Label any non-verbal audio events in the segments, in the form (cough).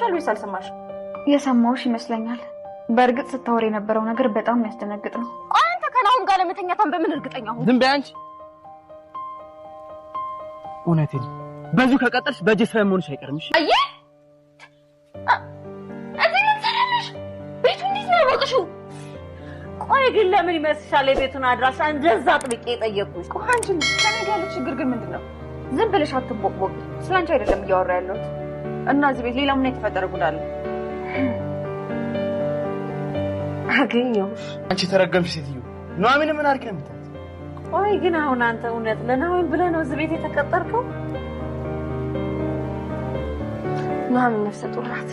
ሻል አልሰማሽ? የሰማውሽ ይመስለኛል። በእርግጥ ስታወር የነበረው ነገር በጣም የሚያስደነግጥ ነው። አንተ ከናሁን ጋር ለመተኛታን በምን እርግጠኛ ሁን? ዝም በይ አንቺ። እውነቴን በዚሁ ከቀጠልሽ በእጄ ስራ መሆንሽ አይቀርም። እሺ አየ ቆይ ግን ለምን ይመስልሻል የቤቱን አድራሻ እንደዛ ጥብቄ የጠየቅኩሽ? ቆይ አንቺ ከኔ ጋር ያለው ችግር ግን ምንድን ነው? ዝም ብለሽ አትቦቅቦቅ። ስላንቺ አይደለም እያወራ ያለሁት እና እዚህ ቤት ሌላ ምን የተፈጠረ ጉድ አለ? አገኘሁሽ። አንቺ የተረገምሽ ሴትዮ ኑሐሚን ምን አድርጌ ነው የምትላት? ቆይ ግን አሁን አንተ እውነት ለኑሐሚን ብለህ ነው እዚህ ቤት የተቀጠርከው? ኑሐሚን ነፍሰ ጡር ናት።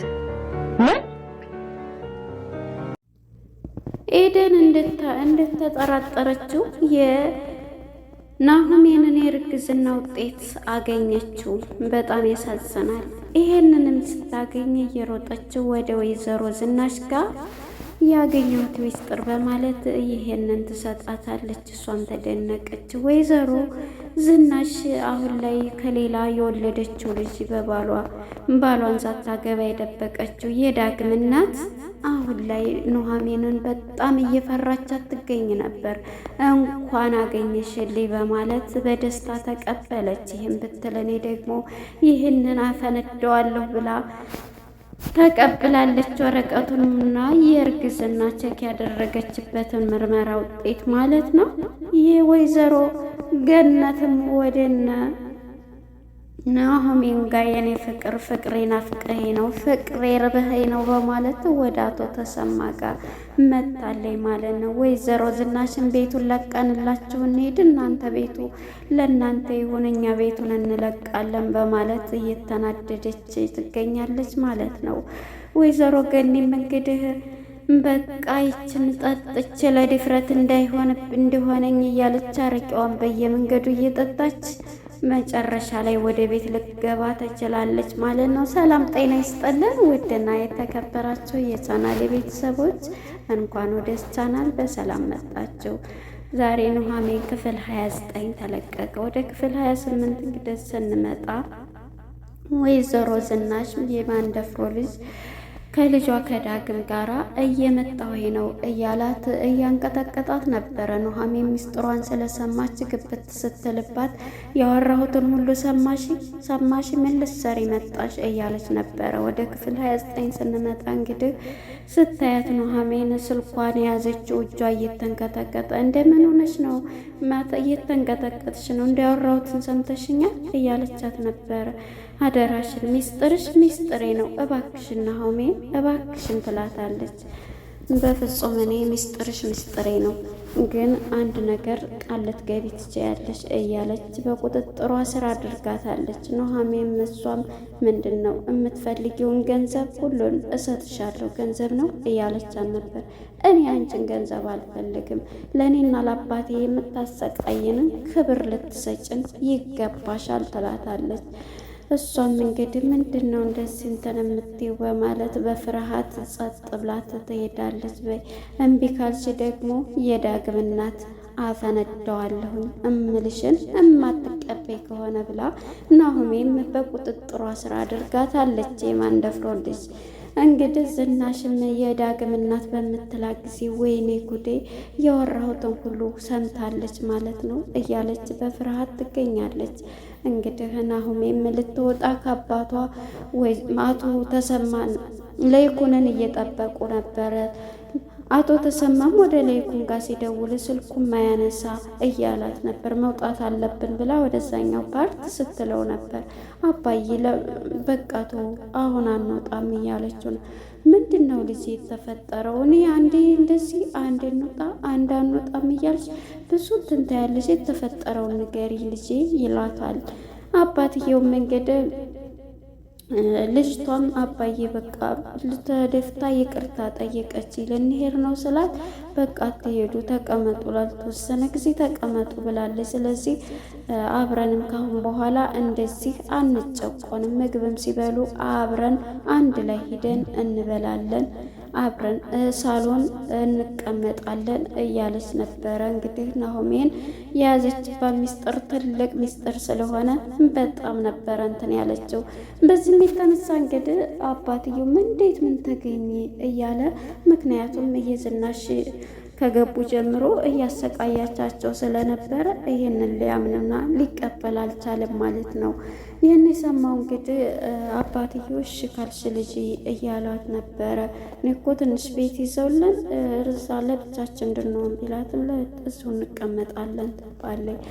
ምን ኤደን እንድታ እንደተጠራጠረችው የኑሐሚንን የእርግዝና ውጤት አገኘችው። በጣም ያሳዝናል። ይሄንንም ስታገኝ እየሮጠችው ወደ ወይዘሮ ዝናሽ ጋር ያገኘሁት ሚስጥር በማለት ይሄንን ትሰጣታለች። እሷም ተደነቀች። ወይዘሮ ዝናሽ አሁን ላይ ከሌላ የወለደችው ልጅ በባሏ ባሏን ሳታገባ የደበቀችው የዳግም እናት አሁን ላይ ኑሐሚንን በጣም እየፈራቻት ትገኝ ነበር። እንኳን አገኘሽልኝ በማለት በደስታ ተቀበለች። ይህን ብትል እኔ ደግሞ ይህንን አፈነደዋለሁ ብላ ተቀብላለች። ወረቀቱንና የእርግዝና ቼክ ያደረገችበትን ምርመራ ውጤት ማለት ነው። ይህ ወይዘሮ ገነትም ወደነ ናሆሜም ጋር የኔ ፍቅር ፍቅሬ ፍቅሬ ነው ፍቅሬ ርብሄ ነው በማለት ወደ አቶ ተሰማ ጋር መታለይ ማለት ነው። ወይዘሮ ዝናሽን ቤቱን ለቀንላችሁ እንሄድ፣ እናንተ ቤቱ ለእናንተ ይሁን፣ እኛ ቤቱን እንለቃለን በማለት እየተናደደች ትገኛለች ማለት ነው። ወይዘሮ ገኒም እንግዲህ በቃ ይችን ጠጥች ለድፍረት እንዳይሆን እንደሆነኝ እያለች አረቂዋን በየመንገዱ እየጠጣች መጨረሻ ላይ ወደ ቤት ልትገባ ትችላለች ማለት ነው። ሰላም ጤና ይስጠልን። ውድና የተከበራችሁ የቻናል ቤተሰቦች እንኳን ወደ ቻናል በሰላም መጣችሁ። ዛሬ ኑሐሚን ክፍል 29 ተለቀቀ። ወደ ክፍል 28 እንግዲህ ስንመጣ ወይዘሮ ዝናሽ የማንደፍሮ ልጅ ከልጇ ከዳግም ጋር እየመጣሁ ነው እያላት እያንቀጠቀጣት ነበረ። ኑሐሚን ሚስጥሯን ስለሰማች ግብት ስትልባት ያወራሁትን ሁሉ ሰማሽ ሰማሽ፣ ምን ልትሰሪ መጣሽ እያለች ነበረ። ወደ ክፍል 29 ስንመጣ እንግዲህ ስታያት ኑሐሚን ስልኳን የያዘችው እጇ እየተንቀጠቀጠ እንደምን ሆነች ነው እየተንቀጠቀጥሽ ነው እንዲያወራሁትን ሰምተሽኛል እያለቻት ነበረ። አደራሽን ሚስጥርሽ ሚስጥሬ ነው እባክሽን ናሆሜ እባክሽን ትላታለች። በፍጹም እኔ ሚስጥርሽ ሚስጥሬ ነው፣ ግን አንድ ነገር ቃል ልትገቢ ትችያለሽ እያለች በቁጥጥሯ ስር አድርጋታለች። ኑሃሜም እሷም ምንድን ነው የምትፈልጊውን ገንዘብ ሁሉን እሰጥሻለሁ ገንዘብ ነው እያለች ነበር። እኔ አንቺን ገንዘብ አልፈልግም። ለእኔና ለአባቴ የምታሰቃይንን ክብር ልትሰጭን ይገባሻል ትላታለች። እሷም እንግዲህ ምንድን ነው እንደዚህ እንትን የምትይው በማለት በፍርሃት ጸጥ ብላ ትሄዳለች። በይ እምቢ ካልሽ ደግሞ የዳግም እናት አፈነደዋለሁኝ እምልሽን እማትቀበይ ከሆነ ብላ ናሁሜም በቁጥጥሯ ስራ አድርጋታለች። የማንደፍሮ ልጅ እንግዲህ ዝናሽም የዳግም እናት በምትላ ጊዜ ወይኔ ጉዴ ያወራሁትን ሁሉ ሰምታለች ማለት ነው እያለች በፍርሃት ትገኛለች። እንግዲህ ናሁሜም ልትወጣ ከአባቷ አቶ ተሰማን ለይኩንን እየጠበቁ ነበረ። አቶ ተሰማም ወደ ለይኩን ጋር ሲደውል ስልኩን ማያነሳ እያላት ነበር። መውጣት አለብን ብላ ወደዛኛው ፓርት ስትለው ነበር። አባዬ በቃቶ አሁን አንወጣም እያለችው ነው ምንድን ነው ልጅ የተፈጠረው? እኔ አንዴ እንደዚህ አንድ እንውጣ አንድ አንወጣም እያልሽ ብዙ ትንታያለሽ። የተፈጠረውን ንገሪ ልጄ ይላታል። አባትየው እንግዲህ ልጅቷም አባዬ በቃ ልተደፍታ ይቅርታ ጠየቀች። ልንሄድ ነው ስላት በቃ አትሄዱ ተቀመጡ፣ ላልተወሰነ ጊዜ ተቀመጡ ብላለች። ስለዚህ አብረንም ካሁን በኋላ እንደዚህ አንጨቆንም፣ ምግብም ሲበሉ አብረን አንድ ላይ ሂደን እንበላለን አብረን ሳሎን እንቀመጣለን እያለች ነበረ። እንግዲህ ናሆሜን የያዘችባት ሚስጥር ትልቅ ሚስጥር ስለሆነ በጣም ነበረ እንትን ያለችው። በዚህም የተነሳ እንግዲህ አባትየውም እንዴት ምን ተገኘ እያለ ምክንያቱም እየዝናሽ ከገቡ ጀምሮ እያሰቃያቻቸው ስለነበረ ይህንን ሊያምንና ሊቀበል አልቻለም ማለት ነው። ይህን የሰማው እንግዲህ አባትዮ እሺ ካልሽ ልጅ እያሏት ነበረ። እኔ እኮ ትንሽ ቤት ይዘውልን እርዛ ለብቻችን እንድንሆን ቢላትም እዚሁ እንቀመጣለን ትባለች።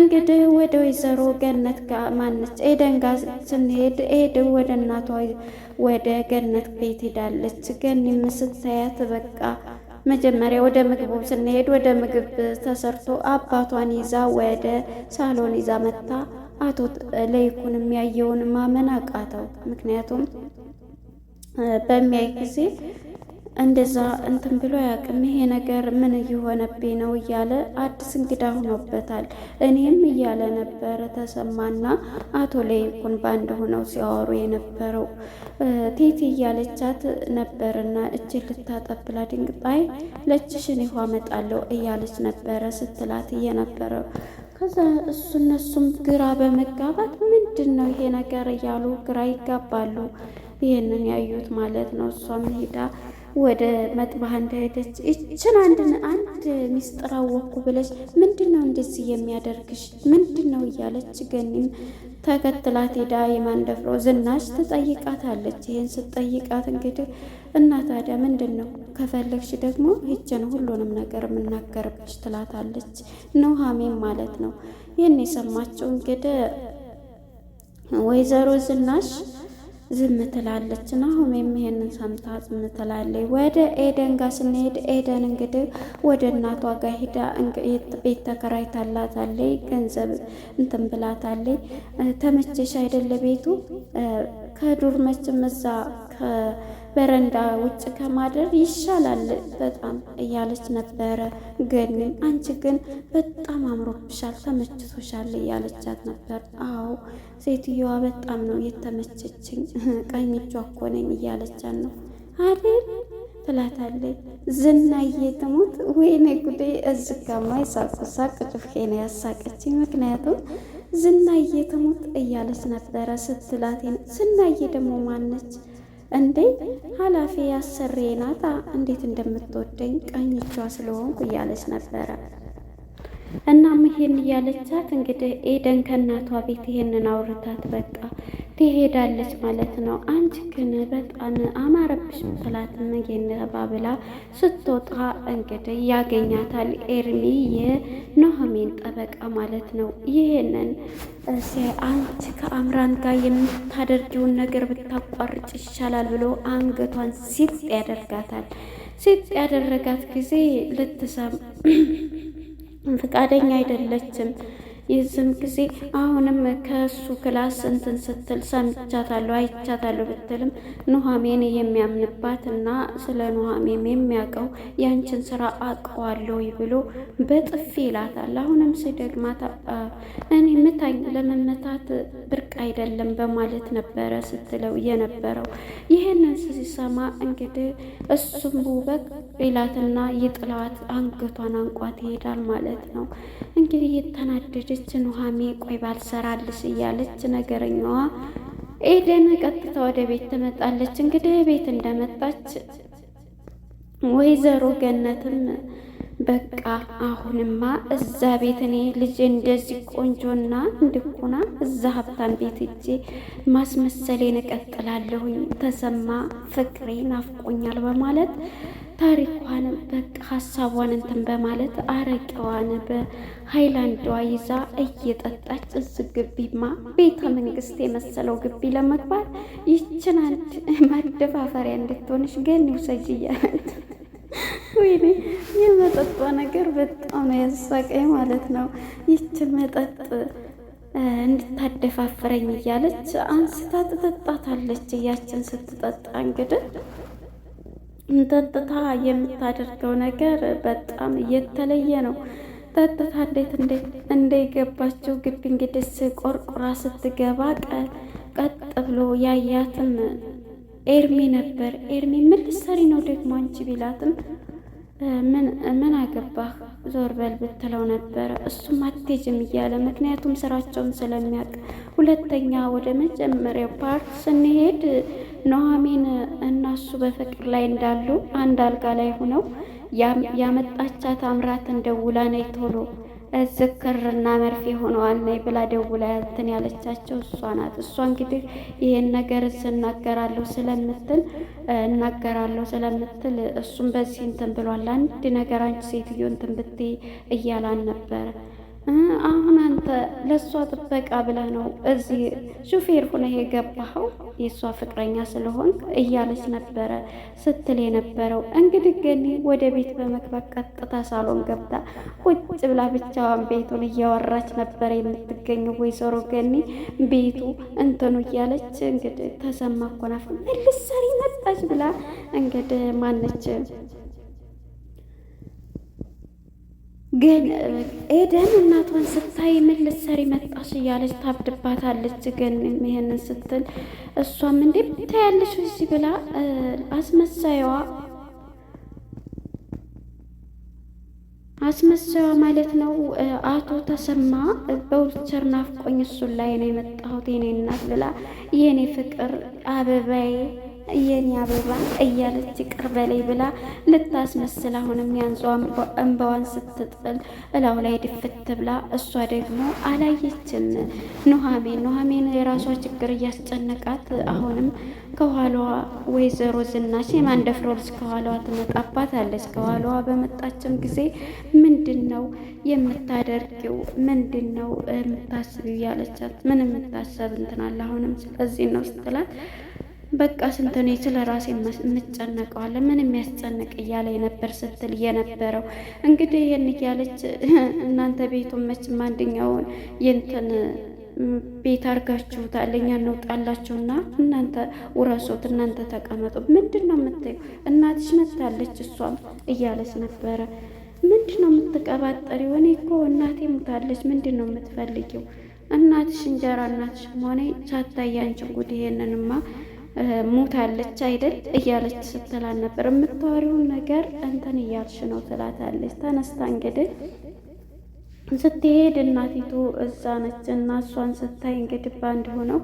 እንግዲህ ወደ ወይዘሮ ገነት ጋር ማነች ኤደን ጋር ስንሄድ ኤደን ወደ እናቷ ወደ ገነት ቤት ሄዳለች። ገኒም ስታያት በቃ መጀመሪያ ወደ ምግቡ ስንሄድ ወደ ምግብ ተሰርቶ አባቷን ይዛ ወደ ሳሎን ይዛ መታ። አቶ ለይኩን የሚያየውን ማመን አቃተው። ምክንያቱም በሚያይ ጊዜ እንደዛ እንትን ብሎ ያቅም ይሄ ነገር ምን እየሆነብኝ ነው እያለ አዲስ እንግዳ ሆኖበታል። እኔም እያለ ነበረ ተሰማና አቶ ለይኩን ባንድ ሆነው ሲያወሩ የነበረው ቴቴ እያለቻት ነበርና እጅ ልታጠብላ ድንግጣይ ለችሽን ይኋ እያለች ነበረ ስትላት እየነበረው ከዛ እሱ እነሱም ግራ በመጋባት ምንድን ነው ይሄ ነገር እያሉ ግራ ይጋባሉ። ይህንን ያዩት ማለት ነው እሷም ሄዳ ወደ መጥባህ እንዳሄደች ይችን አንድን አንድ ሚስጥር አወቅኩ ብለች ምንድን ነው እንደዚህ የሚያደርግሽ ምንድን ነው እያለች ገኒም ተከትላት ሄዳ የማን ደፍሮ ዝናሽ ትጠይቃታለች። ይህን ስትጠይቃት እንግዲህ እና ታዲያ ምንድን ነው ከፈለግሽ ደግሞ ይችን ሁሉንም ነገር የምናገርብሽ ትላታለች። ኑሃሜም ማለት ነው። ይህን የሰማቸው እንግዲህ ወይዘሮ ዝናሽ ዝም ትላለች። ናሆሜም ይሄንን ሰምታ ዝም ትላለች። ወደ ኤደን ጋር ስንሄድ ኤደን እንግዲህ ወደ እናቷ ጋር ሂዳ ቤት ተከራይታላታለች። ገንዘብ እንትን ብላታለች። ተመቸሽ አይደለ ቤቱ ከዱር መቼም እዛ ከበረንዳ ውጭ ከማደር ይሻላል በጣም እያለች ነበረ። ግን አንቺ ግን በጣም አምሮብሻል፣ ተመችቶሻል እያለቻት ነበር። አዎ ሴትዮዋ በጣም ነው የተመቸችኝ፣ (laughs) ቀኝ እጇ እኮ ነኝ እያለቻት ነው አይደል ትላታለች። ዝናዬ ትሙት ወይኔ ጉዴ! እዚህ ጋማ የሳቅ ሳቅ ጩፌ ነው ያሳቀችኝ ምክንያቱም ዝናዬ ትሙት እያለች ነበረ ስትላቴን። ዝናዬ ደግሞ ማነች እንዴ? ኃላፊ ያሰሬ ናታ እንዴት እንደምትወደኝ ቀኝቿ ስለሆንኩ እያለች ነበረ። እናም ይሄን እያለቻት እንግዲህ ኤደን ከእናቷ ቤት ይሄንን አውርታት በቃ ትሄዳለች ማለት ነው። አንቺ ግን በጣም አማረብሽ ብላት የነባ ባብላ ስትወጣ እንግዲህ ያገኛታል ኤርሚ የኖሀሜን ጠበቃ ማለት ነው። ይሄንን አንቺ ከአምራን ጋር የምታደርጊውን ነገር ብታቋርጭ ይሻላል ብሎ አንገቷን ሲጥ ያደርጋታል። ሲጥ ያደረጋት ጊዜ ልትሰም ፈቃደኛ (clears throat) አይደለችም። የዚህም ጊዜ አሁንም ከእሱ ክላስ እንትን ስትል ሰምቻታለሁ አይቻታለሁ ብትልም ኑሐሜን የሚያምንባት እና ስለ ኑሐሜም የሚያውቀው ያንችን ስራ አውቀዋለሁ ብሎ በጥፊ ይላታል። አሁንም ደግማ እኔ ምታኝ ለመመታት ብርቅ አይደለም በማለት ነበረ ስትለው የነበረው ይህንን ሲሰማ እንግዲህ እሱም ውበት ይላትና ይጥላት አንገቷን አንቋት ይሄዳል ማለት ነው። እንግዲህ የተናደደች ኑሃሜ ቆይ ባልሰራልሽ እያለች ነገረኛዋ ኤደን ቀጥታ ወደ ቤት ትመጣለች። እንግዲህ ቤት እንደመጣች ወይዘሮ ገነትም በቃ አሁንማ እዛ ቤት እኔ ልጅ እንደዚህ ቆንጆና እንድኩና እዛ ሀብታም ቤት እጄ ማስመሰሌን እቀጥላለሁኝ ተሰማ ፍቅሬ ናፍቆኛል በማለት ታሪኳን በቃ ሀሳቧን እንትን በማለት አረቄዋን በሀይላንድዋ ይዛ እየጠጣች እዚህ ግቢማ ቤተ መንግስት የመሰለው ግቢ ለመግባት ይችን አንድ መደፋፈሪያ እንድትሆንሽ ገን ውሰጅ እያለት ወይኔ የመጠጧ ነገር በጣም ነው ያሳቀኝ ማለት ነው። ይችን መጠጥ እንድታደፋፍረኝ እያለች አንስታ ትጠጣታለች። እያችን ስትጠጣ እንግዲህ ጠጥታ የምታደርገው ነገር በጣም የተለየ ነው። ጠጥታ እንዴት እንደገባችው ግቢ እንግዲህ ቆርቆራ ስትገባ ቀጥ ብሎ ያያትም ኤርሚ ነበር። ኤርሚ ምን ልትሰሪ ነው ደግሞ አንቺ ቢላትም ምን አገባህ ዞር በል ብትለው ነበረ። እሱም አትሄጂም እያለ ምክንያቱም ስራቸውን ስለሚያውቅ። ሁለተኛ ወደ መጀመሪያው ፓርት ስንሄድ ኑሐሚን እና እሱ በፍቅር ላይ እንዳሉ አንድ አልጋ ላይ ሆነው ያመጣቻት አምራትን ደውላ ነይ ቶሎ ዝክርና መርፌ ሆነዋል ነይ ብላ ደውላ እንትን ያለቻቸው እሷ ናት። እሷ እንግዲህ ይሄን ነገር እናገራለሁ ስለምትል እናገራለሁ ስለምትል እሱም በዚህ እንትን ብሏል። አንድ ነገር አንቺ ሴትዮ እንትን ብትይ እያላን ነበረ አሁን አንተ ለእሷ ጥበቃ ብለህ ነው እዚህ ሹፌር ሁነህ የገባኸው የእሷ ፍቅረኛ ስለሆን እያለች ነበረ ስትል የነበረው። እንግዲህ ገኒ ወደ ቤት በመግባት ቀጥታ ሳሎን ገብታ ቁጭ ብላ ብቻዋን ቤቱን እያወራች ነበረ የምትገኘው ወይዘሮ ገኒ ቤቱ እንትኑ እያለች እንግዲህ ተሰማ ኮናፍ መልሰሪ መጣች ብላ እንግዲህ ማነች ግን ኤደን እናቷን ስታይ ምን ልትሰሪ መጣሽ እያለች ታብድባታለች። ግን ይህንን ስትል እሷም እንዴ ታያለች እዚህ ብላ አስመሳይዋ አስመሳዋ ማለት ነው አቶ ተሰማ በውልቸር ናፍቆኝ እሱን ላይ ነው የመጣሁት የኔ እናት ብላ የኔ ፍቅር አበባዬ የኔ አበባ እያለች ይቅር በላይ ብላ ልታስመስል አሁንም ያንጿ እንባዋን ስትጥል እላው ላይ ድፍት ብላ እሷ ደግሞ አላየችን። ኑሐሚን ኑሐሚን የራሷ ችግር እያስጨነቃት አሁንም ከኋላዋ ወይዘሮ ዝናሽ የማንደፍሮልስ ከኋላዋ ትመጣባታለች። ከኋላዋ በመጣችም ጊዜ ምንድን ነው የምታደርጊው? ምንድን ነው የምታስብ? ያለቻት ምን የምታሰብ እንትናል አሁንም ስለዚህ ነው ስትላት በቃ ስንትኔ ስለ ራሴ የምጨነቀዋለሁ ምን የሚያስጨንቅ እያለ የነበር ስትል የነበረው እንግዲህ ይህን እያለች (laughs) እናንተ ቤቱን መችም አንደኛውን የንትን ቤት አድርጋችሁታል እኛ እንውጣላችሁና እናንተ ውረሶት እናንተ ተቀመጡ ምንድን ነው የምታዩ እናትሽ መታለች እሷም እያለች ነበረ ምንድን ነው የምትቀባጠሪ እኔ እኮ እናቴ ሙታለች ምንድን ነው የምትፈልጊው እናትሽ እንጀራ እናትሽ መሆኔ ሳታያንችን ጉድ ይሄንንማ ሞታለች አይደል እያለች ስትላል ነበር። የምታወሪውን ነገር እንትን እያልሽ ነው ትላታለች። ተነስታ እንግዲህ ስትሄድ እናቲቱ እዛ ነች እና እሷን ስታይ እንግዲህ ባንድ ሆነው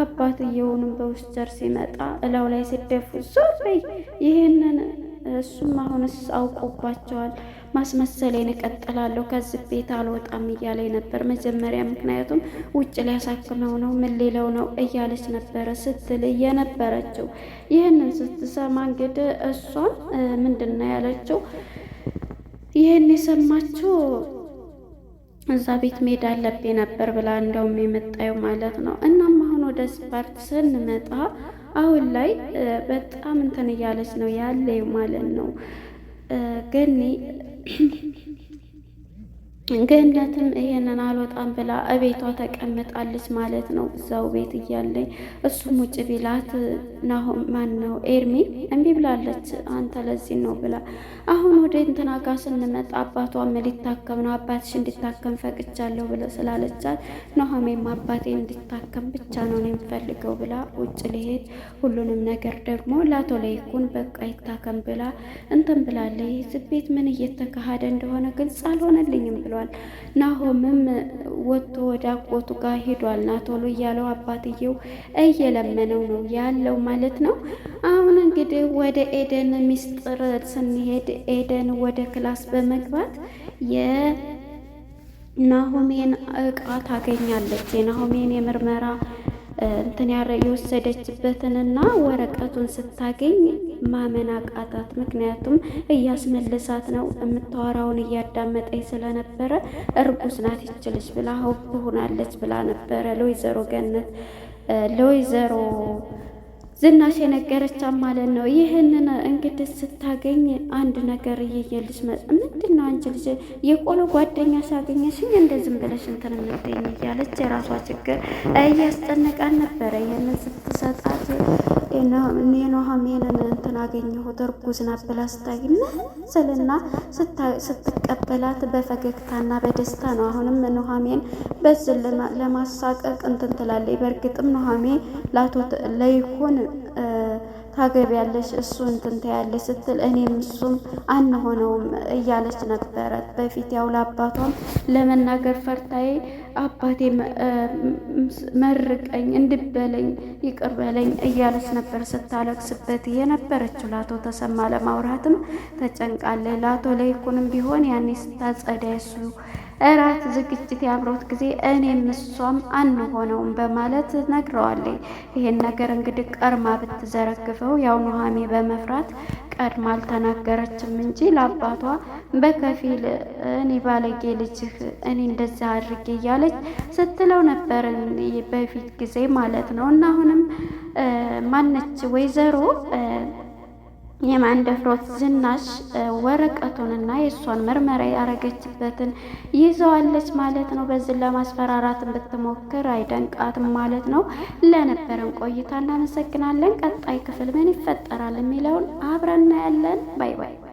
አባትየውንም በውስጥ ጀር ሲመጣ እላው ላይ ሲደፉ ሶ ይህንን እሱም አሁንስ አውቆባቸዋል። ማስመሰሌን እቀጥላለሁ ከዚህ ቤት አልወጣም እያለ ነበር መጀመሪያ። ምክንያቱም ውጭ ሊያሳክመው ነው ምን ሌለው ነው እያለች ነበረ ስትል የነበረችው። ይህንን ስትሰማ እንግዲህ እሷም ምንድን ነው ያለችው? ይህን የሰማችው እዛ ቤት መሄድ አለብኝ ነበር ብላ እንደውም የመጣዩ ማለት ነው። እናም አሁን ወደ ስፓርት ስንመጣ አሁን ላይ በጣም እንትን እያለች ነው ያለ ማለት ነው ገኒ ገነትም ይሄንን አልወጣም ብላ እቤቷ ተቀምጣለች ማለት ነው። እዛው ቤት እያለኝ እሱም ውጭ ቢላት ናሆም ማን ነው ኤርሚ እምቢ ብላለች። አንተ ለዚህ ነው ብላ አሁን ወደ እንትና ጋ ስንመጣ አባቷም ሊታከም ነው አባትሽ እንዲታከም ፈቅቻለሁ ብለ ስላለቻት ናሆሜም አባቴ እንዲታከም ብቻ ነው ነው የምፈልገው ብላ ውጭ ሊሄድ ሁሉንም ነገር ደግሞ ላቶ ለይኩን በቃ ይታከም ብላ እንትን ይህ ዝቤት ምን እየተካሄደ እንደሆነ ግልጽ አልሆነልኝም ብሏል። ብሏል። ናሆምም ወጥቶ ወደ አጎቱ ጋር ሄዷል። ና ቶሎ እያለው አባትየው እየለመነው ነው ያለው ማለት ነው። አሁን እንግዲህ ወደ ኤደን ሚስጥር ስንሄድ ኤደን ወደ ክላስ በመግባት የናሆሜን እቃ ታገኛለች። የናሆሜን የምርመራ እንትን ያረ የወሰደችበትንና ወረቀቱን ስታገኝ ማመን አቃታት። ምክንያቱም እያስመልሳት ነው የምታወራውን እያዳመጠኝ ስለነበረ እርጉዝ ናት ይችልች ብላ ሆብ ሆናለች ብላ ነበረ ለወይዘሮ ገነት ለወይዘሮ ዝናሽ የነገረቻት ማለት ነው። ይህንን እንግዲህ ስታገኝ አንድ ነገር እየየልሽ ምንድን ነው አንቺ ልጅ የቆሎ ጓደኛ ሳገኘሽኝ እንደ ዝም ብለሽ እንትን የምትይኝ እያለች የራሷ ችግር እያስጨነቃን ነበረ። ይህንን ስትሰጣት የኑሐሚንን እንትን አገኘሁት እርጉዝ ናት ብላ ስታይና ስልና ስትቀበላት በፈገግታና በደስታ ነው። አሁንም ኑሐሚን በዝ ለማሳቀቅ እንትን ትላለች። በእርግጥም ኑሐሚን ለይኩን ታገቢያለሽ እሱ እንትን ትያለሽ ስትል እኔም እሱም አንሆነውም እያለች ነበረ በፊት ያው ለአባቷም ለመናገር ፈርታዬ አባቴ መርቀኝ እንድበለኝ ይቅር በለኝ እያለች ነበር ስታለቅስበት የነበረችው። ላቶ ተሰማ ለማውራትም ተጨንቃለ። ላቶ ለይኩንም ቢሆን ያኔ ስታጸዳ እሱ እራት ዝግጅት ያብሮት ጊዜ እኔም እሷም አንሆነውም በማለት ነግረዋለኝ ይሄን ነገር እንግዲህ ቀርማ ብትዘረግፈው ያው ኑሃሜ በመፍራት ቀድማ አልተናገረችም እንጂ ለአባቷ በከፊል እኔ ባለጌ ልጅህ እኔ እንደዛ አድርጌ እያለች ስትለው ነበር በፊት ጊዜ ማለት ነው እና አሁንም ማነች ወይዘሮ የማን ደፍሮት ዝናሽ ወረቀቱንና የእሷን ምርመራ ያረገችበትን ይዘዋለች ማለት ነው። በዚህ ለማስፈራራት ብትሞክር አይደንቃትም ማለት ነው። ለነበረን ቆይታ እናመሰግናለን። ቀጣይ ክፍል ምን ይፈጠራል የሚለውን አብረን እናያለን። ባይ ባይ።